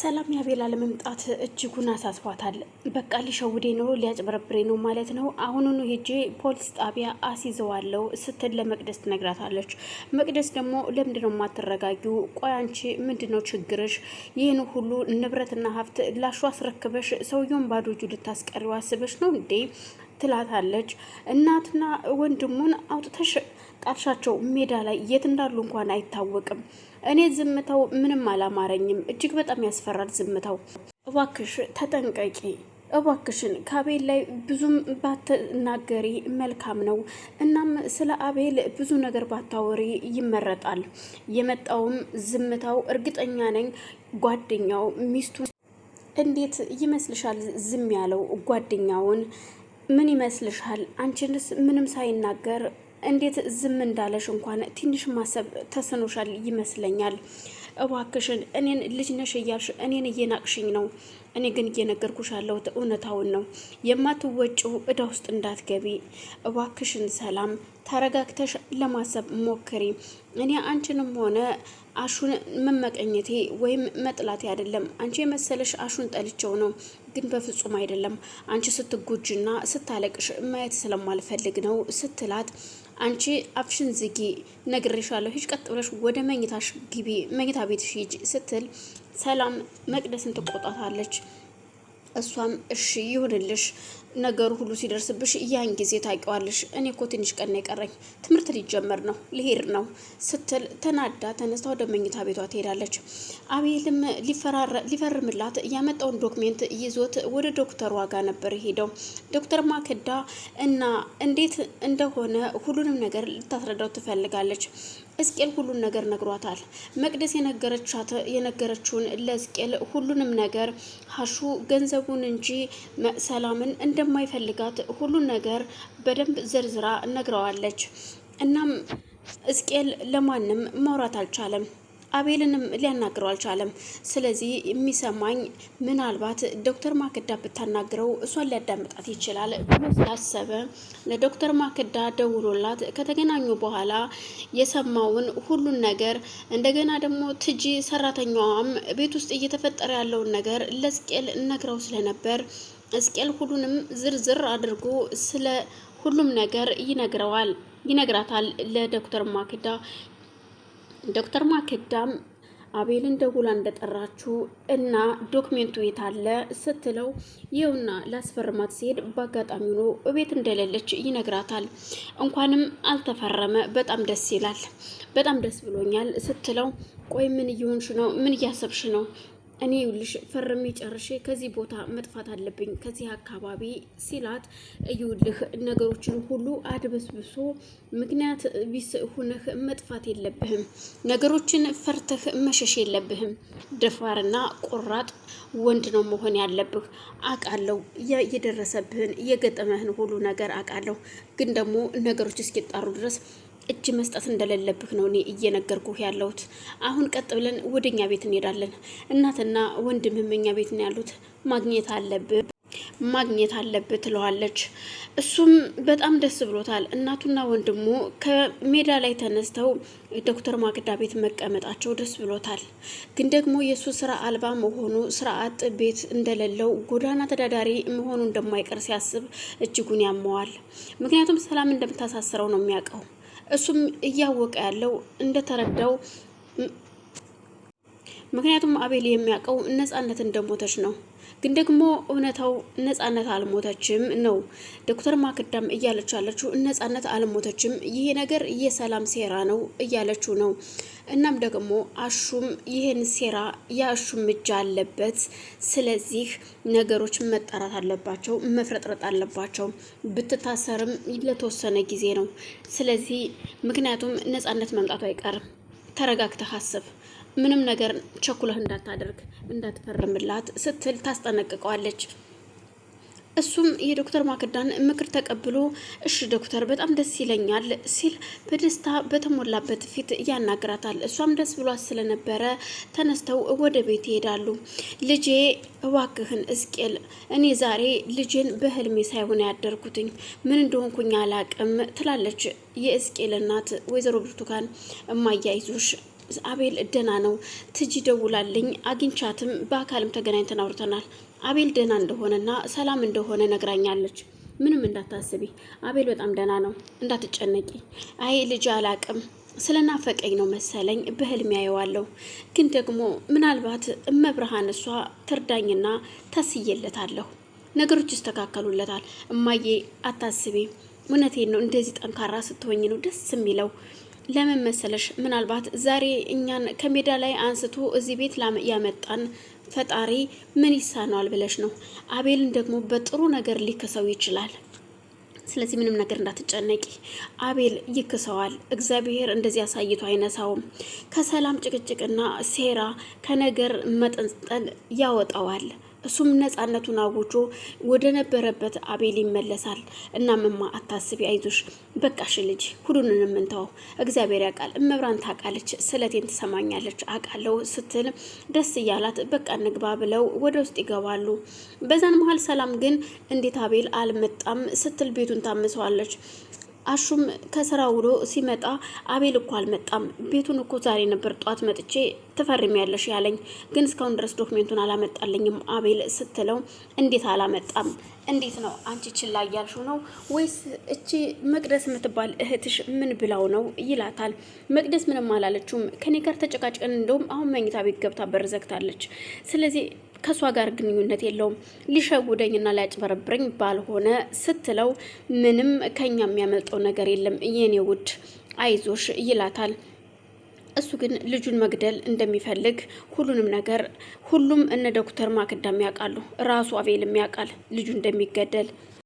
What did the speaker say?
ሰላም ያቤላ ለመምጣት እጅጉን አሳስቧታል። በቃ ሊሸውዴ ነው ሊያጭበረብሬ ነው ማለት ነው። አሁኑኑ ሄጄ ፖሊስ ጣቢያ አስይዘዋለሁ ስትል ለመቅደስ ትነግራታለች። መቅደስ ደግሞ ለምንድነው የማትረጋጊው? ቆይ አንቺ ምንድነው ችግርሽ? ይህን ሁሉ ንብረትና ሀብት ላሹ አስረክበሽ ሰውየውን ባዶ እጁ ልታስቀሪው አስበሽ ነው እንዴ? ትላታለች። እናትና ወንድሙን አውጥተሽ ጣልሻቸው ሜዳ ላይ የት እንዳሉ እንኳን አይታወቅም። እኔ ዝምታው ምንም አላማረኝም። እጅግ በጣም ያስፈራል ዝምታው። እባክሽ ተጠንቀቂ። እባክሽን ከአቤል ላይ ብዙም ባትናገሪ መልካም ነው። እናም ስለ አቤል ብዙ ነገር ባታወሪ ይመረጣል። የመጣውም ዝምታው እርግጠኛ ነኝ ጓደኛው ሚስቱ እንዴት ይመስልሻል? ዝም ያለው ጓደኛውን ምን ይመስልሻል? አንቺንስ ምንም ሳይናገር እንዴት ዝም እንዳለሽ እንኳን ትንሽ ማሰብ ተስኖሻል ይመስለኛል። እባክሽን እኔን ልጅ ነሽ እያልሽ እኔን እየናቅሽኝ ነው። እኔ ግን እየነገርኩሽ ያለሁት እውነታውን ነው። የማትወጪው እዳ ውስጥ እንዳትገቢ እባክሽን። ሰላም ተረጋግተሽ ለማሰብ ሞክሪ። እኔ አንቺንም ሆነ አሹን መመቀኘቴ ወይም መጥላቴ አይደለም። አንቺ የመሰለሽ አሹን ጠልቸው ነው፣ ግን በፍጹም አይደለም። አንቺ ስትጎጅና ስታለቅሽ ማየት ስለማልፈልግ ነው ስትላት አንቺ አፍሽን ዝጊ፣ ነግሬሻለሁ። ሂጅ ቀጥ ብለሽ ወደ መኝታሽ ግቢ መኝታ ቤት ሂጅ ስትል ሰላም መቅደስን ትቆጣታለች። እሷም እሺ ይሁንልሽ፣ ነገሩ ሁሉ ሲደርስብሽ ያን ጊዜ ታውቂዋለሽ። እኔ እኮ ትንሽ ቀን የቀረኝ ትምህርት ሊጀመር ነው ልሄድ ነው ስትል ተናዳ ተነስታ ወደ መኝታ ቤቷ ትሄዳለች። አቤልም ሊፈርምላት ያመጣውን ዶክሜንት ይዞት ወደ ዶክተር ዋጋ ነበር ሄደው። ዶክተር ማክዳ እና እንዴት እንደሆነ ሁሉንም ነገር ልታስረዳው ትፈልጋለች። እስቄል ሁሉን ነገር ነግሯታል። መቅደስ የነገረችውን ለእስቄል ሁሉንም ነገር ሀሹ ገንዘቡን እንጂ ሰላምን እንደማይፈልጋት ሁሉን ነገር በደንብ ዘርዝራ ነግረዋለች። እናም እስቄል ለማንም ማውራት አልቻለም። አቤልንም ሊያናግረው አልቻለም። ስለዚህ የሚሰማኝ ምናልባት ዶክተር ማክዳ ብታናግረው እሷን ሊያዳምጣት ይችላል ብሎ ስላሰበ ለዶክተር ማክዳ ደውሎላት ከተገናኙ በኋላ የሰማውን ሁሉን ነገር እንደገና ደግሞ ትጂ ሰራተኛዋም ቤት ውስጥ እየተፈጠረ ያለውን ነገር ለስቅል ነግረው ስለነበር እስቄል ሁሉንም ዝርዝር አድርጎ ስለ ሁሉም ነገር ይነግረዋል ይነግራታል ለዶክተር ማክዳ ዶክተር ማክዳም አቤልን ደውላ እንደጠራችሁ እና ዶክሜንቱ የታለ ስትለው ይኸውና ላስፈርማት ሲሄድ በአጋጣሚ ሆኖ እቤት እንደሌለች ይነግራታል። እንኳንም አልተፈረመ በጣም ደስ ይላል፣ በጣም ደስ ብሎኛል ስትለው ቆይ ምን እየሆንሽ ነው? ምን እያሰብሽ ነው? እኔ ይኸውልሽ ፈርሜ ጨርሼ ከዚህ ቦታ መጥፋት አለብኝ ከዚህ አካባቢ ሲላት፣ ይኸውልህ ነገሮችን ሁሉ አድበስብሶ ምክንያት ቢስ ሁነህ መጥፋት የለብህም። ነገሮችን ፈርተህ መሸሽ የለብህም። ደፋርና ቆራጥ ወንድ ነው መሆን ያለብህ። አውቃለሁ የደረሰብህን የገጠመህን ሁሉ ነገር አውቃለሁ። ግን ደግሞ ነገሮች እስኪጣሩ ድረስ እጅ መስጠት እንደሌለብህ ነው እኔ እየነገርኩህ ያለሁት። አሁን ቀጥ ብለን ወደኛ ቤት እንሄዳለን። እናትና ወንድምህም እኛ ቤት ነው ያሉት። ማግኘት አለብህ ማግኘት አለብህ ትለዋለች። እሱም በጣም ደስ ብሎታል። እናቱና ወንድሙ ከሜዳ ላይ ተነስተው ዶክተር ማክዳ ቤት መቀመጣቸው ደስ ብሎታል። ግን ደግሞ የእሱ ስራ አልባ መሆኑ ስራ አጥ ቤት እንደሌለው ጎዳና ተዳዳሪ መሆኑ እንደማይቀር ሲያስብ እጅጉን ያመዋል። ምክንያቱም ሰላም እንደምታሳስረው ነው የሚያውቀው። እሱም እያወቀ ያለው እንደተረዳው ምክንያቱም አቤል የሚያውቀው ነጻነት እንደሞተች ነው። ግን ደግሞ እውነታው ነጻነት አልሞተችም ነው። ዶክተር ማክዳም እያለች ያለችው ነጻነት አልሞተችም፣ ይሄ ነገር የሰላም ሴራ ነው እያለችው ነው። እናም ደግሞ አሹም ይህን ሴራ የአሹም እጅ አለበት። ስለዚህ ነገሮች መጣራት አለባቸው፣ መፍረጥረጥ አለባቸው። ብትታሰርም ለተወሰነ ጊዜ ነው። ስለዚህ ምክንያቱም ነጻነት መምጣቱ አይቀርም። ተረጋግተህ አስብ። ምንም ነገር ቸኩለህ እንዳታደርግ እንዳትፈርምላት ስትል ታስጠነቅቀዋለች። እሱም የዶክተር ማክዳን ምክር ተቀብሎ እሺ ዶክተር በጣም ደስ ይለኛል ሲል በደስታ በተሞላበት ፊት ያናግራታል። እሷም ደስ ብሏት ስለነበረ ተነስተው ወደ ቤት ይሄዳሉ። ልጄ እባክህን እስቄል፣ እኔ ዛሬ ልጄን በህልሜ ሳይሆን ያደርኩትኝ ምን እንደሆንኩኝ አላቅም ትላለች የእስቄል እናት ወይዘሮ ብርቱካን እማያይዞሽ አቤል ደህና ነው። ትጂ ደውላልኝ አግኝቻትም በአካልም ተገናኝተን አውርተናል። አቤል ደህና እንደሆነና ሰላም እንደሆነ ነግራኛለች። ምንም እንዳታስቢ፣ አቤል በጣም ደህና ነው፣ እንዳትጨነቂ። አይ ልጅ አላቅም ስለናፈቀኝ ነው መሰለኝ በህልም ያየዋለሁ። ግን ደግሞ ምናልባት እመብርሃን እሷ ትርዳኝና ተስዬለታለሁ። ነገሮች ይስተካከሉለታል። እማዬ አታስቢ፣ እውነቴን ነው። እንደዚህ ጠንካራ ስትሆኝ ነው ደስ የሚለው ለምን መሰለሽ ምናልባት ዛሬ እኛን ከሜዳ ላይ አንስቶ እዚህ ቤት ያመጣን ፈጣሪ ምን ይሳነዋል ብለሽ ነው። አቤልን ደግሞ በጥሩ ነገር ሊከሰው ይችላል። ስለዚህ ምንም ነገር እንዳትጨነቂ። አቤል ይክሰዋል። እግዚአብሔር እንደዚህ አሳይቶ አይነሳውም። ከሰላም ጭቅጭቅና ሴራ ከነገር መጠንጠል ያወጣዋል። እሱም ነፃነቱን አውጆ ወደ ነበረበት አቤል ይመለሳል። እና ምማ አታስቢ፣ አይዞሽ፣ በቃሽ ልጅ፣ ሁሉንን የምንተወው እግዚአብሔር ያውቃል፣ እመብራን ታውቃለች፣ ስለቴን ትሰማኛለች፣ አውቃለሁ ስትል ደስ እያላት በቃ ንግባ ብለው ወደ ውስጥ ይገባሉ። በዛን መሀል ሰላም ግን እንዴት አቤል አልመጣም ስትል ቤቱን ታምሰዋለች። አሹም ከስራ ውሎ ሲመጣ አቤል እኮ አልመጣም፣ ቤቱን እኮ ዛሬ ነበር ጧት መጥቼ ያለሽ ያለኝ፣ ግን እስካሁን ድረስ ዶክሜንቱን አላመጣልኝም አቤል ስትለው፣ እንዴት አላመጣም? እንዴት ነው አንቺ ችላ እያልሽው ነው ወይስ እቺ መቅደስ የምትባል እህትሽ ምን ብላው ነው ይላታል። መቅደስ ምንም አላለችውም፣ ከኔ ጋር ተጨቃጭቀን እንደውም አሁን መኝታ ቤት ገብታ በር ዘግታለች። ስለዚህ ከእሷ ጋር ግንኙነት የለውም ሊሸጉደኝና ሊያጭበረብረኝ ባልሆነ ስትለው ምንም ከኛ የሚያመልጠው ነገር የለም የኔ ውድ አይዞሽ ይላታል። እሱ ግን ልጁን መግደል እንደሚፈልግ ሁሉንም ነገር ሁሉም እነ ዶክተር ማክዳም ያውቃሉ፣ ራሱ አቤልም ያውቃል ልጁ እንደሚገደል